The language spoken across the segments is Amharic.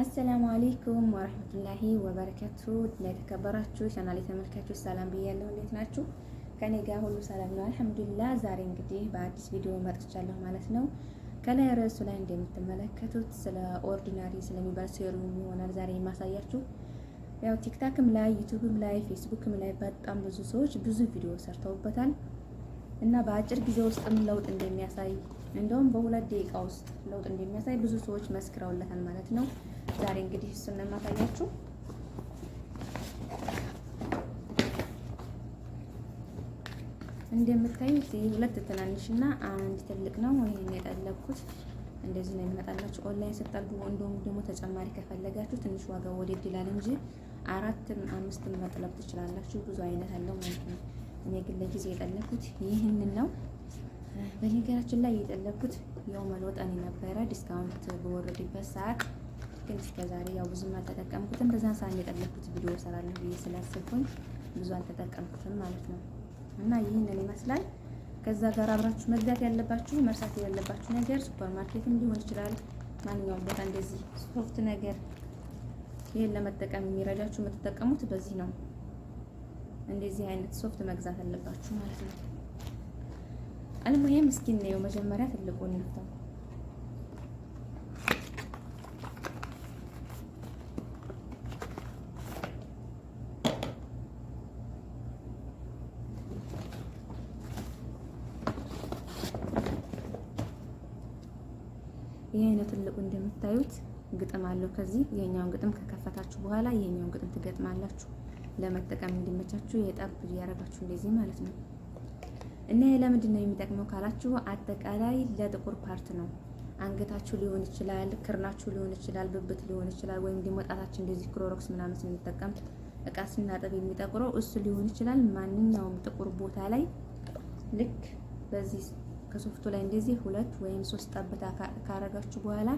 አሰላሙ አሌይኩም ወረህመቱላሂ ወበረከቱ። ለተከበራችሁ ቻናል የተመልካቾች ሰላም ብያለሁ። እንዴት ናችሁ? ከኔ ጋር ሁሉ ሰላም ነው አልሐምዱሊላህ። ዛሬ እንግዲህ በአዲስ ቪዲዮ መጥቻለሁ ማለት ነው። ከላይ ርዕሱ ላይ እንደምትመለከቱት ስለ ኦርዲናሪ ስለሚባል ሴሩ ይሆናል ዛሬ የማሳያችሁ። ያው ቲክታክም ላይ ዩቱብም ላይ ፌስቡክም ላይ በጣም ብዙ ሰዎች ብዙ ቪዲዮ ሰርተውበታል እና በአጭር ጊዜ ውስጥም ለውጥ እንደሚያሳይ እንደውም በሁለት ደቂቃ ውስጥ ለውጥ እንደሚያሳይ ብዙ ሰዎች መስክረውለታል ማለት ነው። ዛሬ እንግዲህ እሱን ነው እንደምታዩት ሁለት ትናንሽ እና አንድ ትልቅ ነው። ይሄን የጠለብኩት እንደዚህ ነው የሚመጣላችሁ። ኦንላይን ስጠልቡ እንደውም ደግሞ ተጨማሪ ከፈለጋችሁ ትንሽ ዋጋ ወደድ ይላል እንጂ አራትም አምስትም መጥለብ ትችላላችሁ። ብዙ አይነት አለው ማለት ነው። እኔ ግን ለጊዜ የጠለኩት ይህንን ነው። በነገራችን ላይ የጠለኩት የውመል ወጣኔ ነበረ ዲስካውንት በወረደበት ሰዓት ግን እስከ ዛሬ ያው ብዙም አልተጠቀምኩትም። በዛን ሰዓት የጠለኩት ቪዲዮ እሰራለሁ ብዬ ስላሰብኩኝ ብዙ አልተጠቀምኩትም ማለት ነው እና ይህንን ይመስላል። ከዛ ጋር አብራችሁ መግዛት ያለባችሁ መርሳት ያለባችሁ ነገር ሱፐር ማርኬትም ሊሆን ይችላል ማንኛውም ቦታ እንደዚህ ሶፍት ነገር ይህን ለመጠቀም የሚረዳችሁ የምትጠቀሙት በዚህ ነው። እንደዚህ አይነት ሶፍት መግዛት አለባችሁ ማለት ነው። አልሙሄም እስኪ እንየው መጀመሪያ ትልቁን እንፍታው። ይሄ ነው ትልቁ እንደምታዩት ግጥም አለው። ከዚህ የኛውን ግጥም ከከፈታችሁ በኋላ የኛውን ግጥም ትገጥማላችሁ። ለመጠቀም እንዲመቻችሁ የጠብ እያደረጋችሁ እንደዚህ ማለት ነው። እና ለምንድን ነው የሚጠቅመው ካላችሁ አጠቃላይ ለጥቁር ፓርት ነው። አንገታችሁ ሊሆን ይችላል፣ ክርናችሁ ሊሆን ይችላል፣ ብብት ሊሆን ይችላል፣ ወይም ደግሞ ጣታችን እንደዚህ ክሎሮክስ ምናምን ስንጠቀም እቃ ስናጠብ የሚጠቁረው እሱ ሊሆን ይችላል። ማንኛውም ጥቁር ቦታ ላይ ልክ በዚህ ከሶፍቱ ላይ እንደዚህ ሁለት ወይም ሶስት ጠብታ ካረጋችሁ በኋላ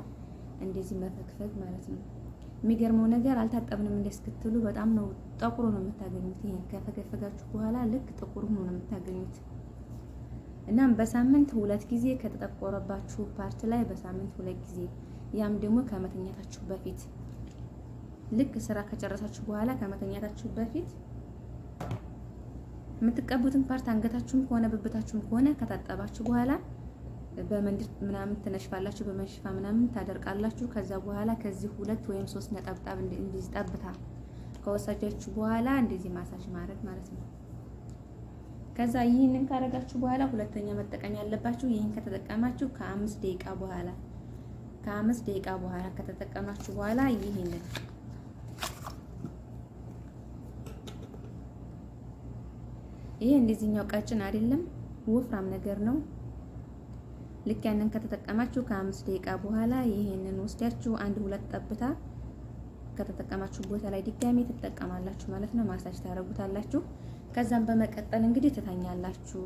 እንደዚህ መፈግፈግ ማለት ነው። የሚገርመው ነገር አልታጠብንም እንደስክትሉ በጣም ነው ጠቁሮ ነው የምታገኙት። ይሄ ከፈገፈጋችሁ በኋላ ልክ ጥቁር ሆኖ ነው የምታገኙት። እናም በሳምንት ሁለት ጊዜ ከተጠቆረባችሁ ፓርት ላይ በሳምንት ሁለት ጊዜ ያም ደግሞ ከመተኛታችሁ በፊት ልክ ስራ ከጨረሳችሁ በኋላ ከመተኛታችሁ በፊት የምትቀቡትን ፓርት አንገታችሁም ከሆነ ብብታችሁም ከሆነ ከታጠባችሁ በኋላ በመንድር ምናምን ትነሽፋላችሁ፣ በመሽፋ ምናምን ታደርቃላችሁ። ከዛ በኋላ ከዚህ ሁለት ወይም ሶስት ነጠብጣብ እንዲህ ጠብታ ከወሰጃችሁ በኋላ እንደዚህ ማሳጅ ማድረግ ማለት ነው። ከዛ ይህንን ካረጋችሁ በኋላ ሁለተኛ መጠቀም ያለባችሁ ይህን ከተጠቀማችሁ ከአምስት ደቂቃ በኋላ ከአምስት ደቂቃ በኋላ ከተጠቀማችሁ በኋላ ይህንን ይሄ እንደዚህኛው ቀጭን አይደለም፣ ወፍራም ነገር ነው። ልክ ያንን ከተጠቀማችሁ ከአምስት ደቂቃ በኋላ ይሄንን ወስዳችሁ አንድ ሁለት ጠብታ ከተጠቀማችሁ ቦታ ላይ ድጋሜ ትጠቀማላችሁ ማለት ነው። ማሳጅ ታደርጉታላችሁ። ከዛም በመቀጠል እንግዲህ ትተኛላችሁ።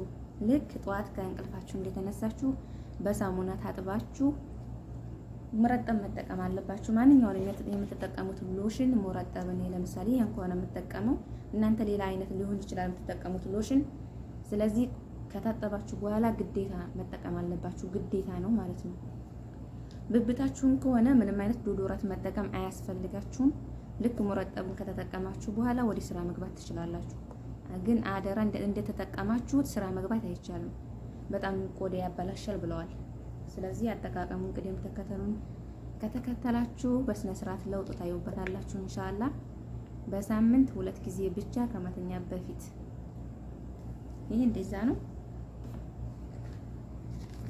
ልክ ጠዋት ከእንቅልፋችሁ እንደተነሳችሁ በሳሙና ታጥባችሁ ሙረጠብ መጠቀም አለባችሁ። ማንኛውንም የምትጠቀሙት ሎሽን ሙረጠብ። እኔ ለምሳሌ ይሄን ከሆነ የምጠቀመው እናንተ ሌላ አይነት ሊሆን ይችላል የምትጠቀሙት ሎሽን። ስለዚህ ከታጠባችሁ በኋላ ግዴታ መጠቀም አለባችሁ፣ ግዴታ ነው ማለት ነው። ብብታችሁን ከሆነ ምንም አይነት ዶዶራት መጠቀም አያስፈልጋችሁም። ልክ ሙረጠቡን ከተጠቀማችሁ በኋላ ወደ ስራ መግባት ትችላላችሁ። ግን አደራ እንደተጠቀማችሁት ስራ መግባት አይቻልም፣ በጣም ቆዳ ያበላሻል ብለዋል። ስለዚህ አጠቃቀሙን ቅደም ተከተሉን ከተከተላችሁ በስነ ስርዓት ለውጥ ታዩበታላችሁ ኢንሻአላ። በሳምንት ሁለት ጊዜ ብቻ ከመተኛ በፊት ይሄ እንደዛ ነው።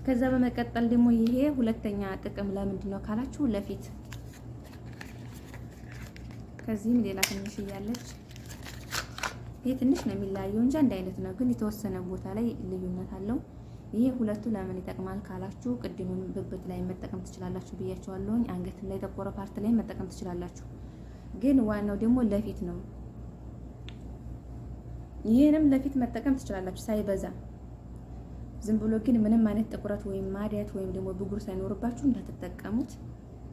ከዛ በመቀጠል ደግሞ ይሄ ሁለተኛ ጥቅም ለምንድን ነው ካላችሁ ለፊት ከዚህም ሌላ ትንሽ እያለች ይሄ ትንሽ ነው የሚለያየው እንጂ አንድ አይነት ነው፣ ግን የተወሰነ ቦታ ላይ ልዩነት አለው። ይህ ሁለቱ ለምን ይጠቅማል ካላችሁ ቅድሙን ብብት ላይ መጠቀም ትችላላችሁ ብያችኋለሁኝ። አንገት ላይ ጠቆረ ፓርት ላይ መጠቀም ትችላላችሁ። ግን ዋናው ደግሞ ለፊት ነው። ይህንም ለፊት መጠቀም ትችላላችሁ ሳይበዛ ዝም ብሎ ግን ምንም አይነት ጥቁረት ወይም ማዲያት ወይም ደግሞ ብጉር ሳይኖርባችሁ እንዳትጠቀሙት።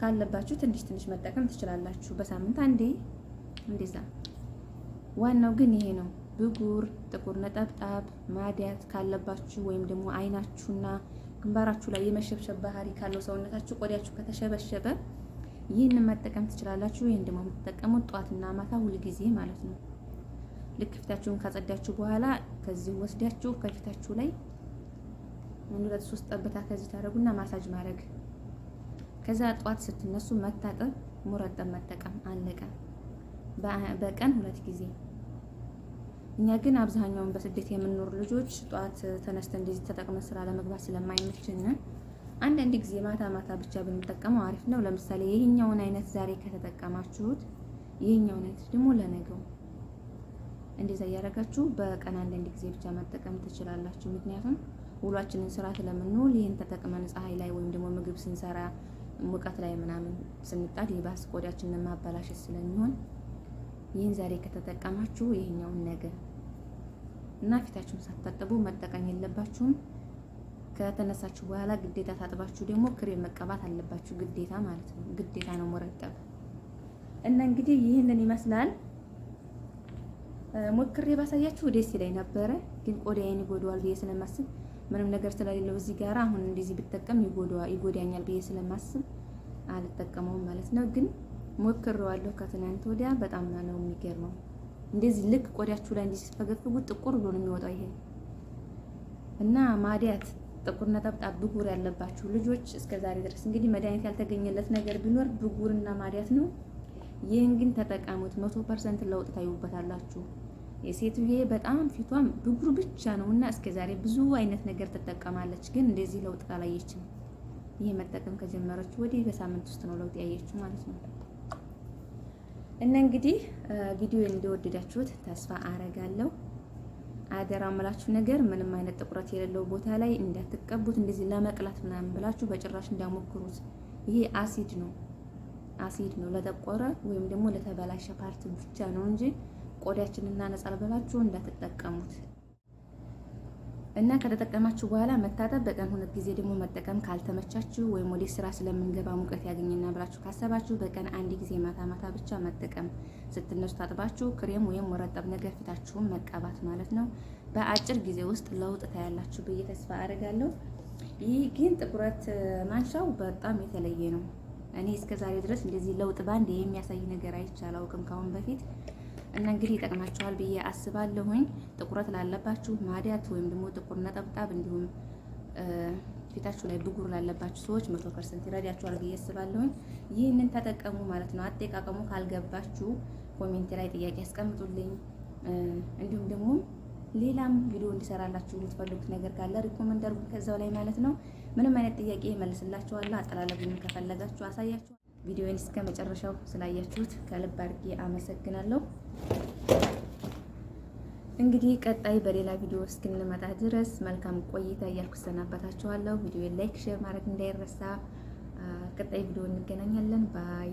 ካለባችሁ ትንሽ ትንሽ መጠቀም ትችላላችሁ፣ በሳምንት አንዴ እንደዛ። ዋናው ግን ይሄ ነው። ብጉር፣ ጥቁር ነጠብጣብ፣ ማዲያት ካለባችሁ ወይም ደግሞ አይናችሁና ግንባራችሁ ላይ የመሸብሸብ ባህሪ ካለው ሰውነታችሁ ቆዳችሁ ከተሸበሸበ ይህንን መጠቀም ትችላላችሁ። ይህን ደግሞ የምትጠቀሙት ጠዋትና ማታ ሁልጊዜ ማለት ነው። ልክ ፊታችሁን ካጸዳችሁ በኋላ ከዚህ ወስዳችሁ ከፊታችሁ ላይ ሁለት ሶስት ጠብታ ከዚህ ታደርጉና ማሳጅ ማድረግ። ከዛ ጠዋት ስትነሱ መታጠብ፣ ሙረጠብ መጠቀም አለቀ። በቀን ሁለት ጊዜ እኛ ግን አብዛኛውን በስደት የምንኖር ልጆች ጠዋት ተነስተ እንደዚህ ተጠቅመን ስራ ለመግባት ስለማይመችን አንዳንድ ጊዜ ማታ ማታ ብቻ ብንጠቀመው አሪፍ ነው። ለምሳሌ ይህኛውን አይነት ዛሬ ከተጠቀማችሁት ይህኛውን አይነት ደግሞ ለነገው እንደዛ እያደረጋችሁ በቀን አንዳንድ ጊዜ ብቻ መጠቀም ትችላላችሁ። ምክንያቱም ውሏችንን ስራ ስለምንውል ይህን ተጠቅመን ፀሐይ ላይ ወይም ደግሞ ምግብ ስንሰራ ሙቀት ላይ ምናምን ስንጣድ የባስ ቆዳችንን ማበላሸት ስለሚሆን ይህን ዛሬ ከተጠቀማችሁ ይህኛውን ነገር እና ፊታችሁን ሳታጠቡ መጠቀም የለባችሁም። ከተነሳችሁ በኋላ ግዴታ ታጥባችሁ ደግሞ ክሬም መቀባት አለባችሁ። ግዴታ ማለት ነው፣ ግዴታ ነው መረጠብ እና እንግዲህ ይህንን ይመስላል። ሞክሬ ባሳያችሁ ደስ ይለኝ ነበረ፣ ግን ቆዳዬን ይጎዳዋል ብዬ ስለማስብ ምንም ነገር ስለሌለው እዚህ ጋራ አሁን እንደዚህ ብጠቀም ይጎዳኛል ብዬ ስለማስብ አልጠቀመውም ማለት ነው። ግን ሞክሬዋለሁ ከትናንት ወዲያ በጣም ነው የሚገርመው። እንደዚህ ልክ ቆዳችሁ ላይ እንደዚህ ስትፈገፍጉት ጥቁር ብሎ ነው የሚወጣው ይሄ እና ማዲያት ጥቁር ነጠብጣብ ብጉር ያለባችሁ ልጆች እስከዛሬ ድረስ እንግዲህ መድኃኒት ያልተገኘለት ነገር ቢኖር ብጉርና ማዲያት ነው። ይህን ግን ተጠቀሙት፣ መቶ ፐርሰንት ለውጥ ታዩበታላችሁ። የሴትዬ በጣም ፊቷም ብጉር ብቻ ነው እና እስከዛሬ ብዙ አይነት ነገር ትጠቀማለች፣ ግን እንደዚህ ለውጥ አላየችም። ይህ መጠቀም ከጀመረች ወዲህ በሳምንት ውስጥ ነው ለውጥ ያየችው ማለት ነው። እና እንግዲህ ቪዲዮ እንደወደዳችሁት ተስፋ አረጋለሁ። አደራ ምላችሁ ነገር ምንም አይነት ጥቁረት የሌለው ቦታ ላይ እንዳትቀቡት። እንደዚህ ለመቅላት ምናምን ብላችሁ በጭራሽ እንዳሞክሩት። ይሄ አሲድ ነው፣ አሲድ ነው። ለጠቆረ ወይም ደግሞ ለተበላሸ ፓርት ብቻ ነው እንጂ ቆዳችንን እናነጻል ብላችሁ እንዳትጠቀሙት። እና ከተጠቀማችሁ በኋላ መታጠብ፣ በቀን ሁለት ጊዜ ደግሞ መጠቀም ካልተመቻችሁ ወይም ወደ ስራ ስለምንገባ ሙቀት ያገኘና ብላችሁ ካሰባችሁ በቀን አንድ ጊዜ ማታ ማታ ብቻ መጠቀም፣ ስትነሱ ታጥባችሁ ክሬም ወይም ወረጠብ ነገር ፊታችሁን መቀባት ማለት ነው። በአጭር ጊዜ ውስጥ ለውጥ ታያላችሁ ብዬ ተስፋ አድርጋለሁ። ይህ ግን ጥቁረት ማንሻው በጣም የተለየ ነው። እኔ እስከዛሬ ድረስ እንደዚህ ለውጥ ባንድ የሚያሳይ ነገር አይቼ አላውቅም ካሁን በፊት እና እንግዲህ ይጠቅማችኋል ብዬ አስባለሁኝ። ጥቁረት ላለባችሁ ማዲያት ወይም ደግሞ ጥቁር ነጠብጣብ እንዲሁም ፊታችሁ ላይ ብጉር ላለባችሁ ሰዎች መቶ ፐርሰንት ይረዳችኋል ብዬ አስባለሁኝ። ይህንን ተጠቀሙ ማለት ነው። አጠቃቀሙ ካልገባችሁ ኮሜንት ላይ ጥያቄ ያስቀምጡልኝ። እንዲሁም ደግሞ ሌላም ቪዲዮ እንዲሰራላችሁ የምትፈልጉት ነገር ካለ ሪኮመንድ አድርጉ ከዛው ላይ ማለት ነው። ምንም አይነት ጥያቄ መልስላችኋለሁ። አጠላለቡን ከፈለጋችሁ አሳያችሁ ቪዲዮን እስከ መጨረሻው ስላያችሁት ከልብ አድርጌ አመሰግናለሁ። እንግዲህ ቀጣይ በሌላ ቪዲዮ እስክንመጣ ድረስ መልካም ቆይታ እያልኩ ሰናበታችኋለሁ። ቪዲዮን ላይክ፣ ሼር ማድረግ እንዳይረሳ። ቀጣይ ቪዲዮ እንገናኛለን። ባይ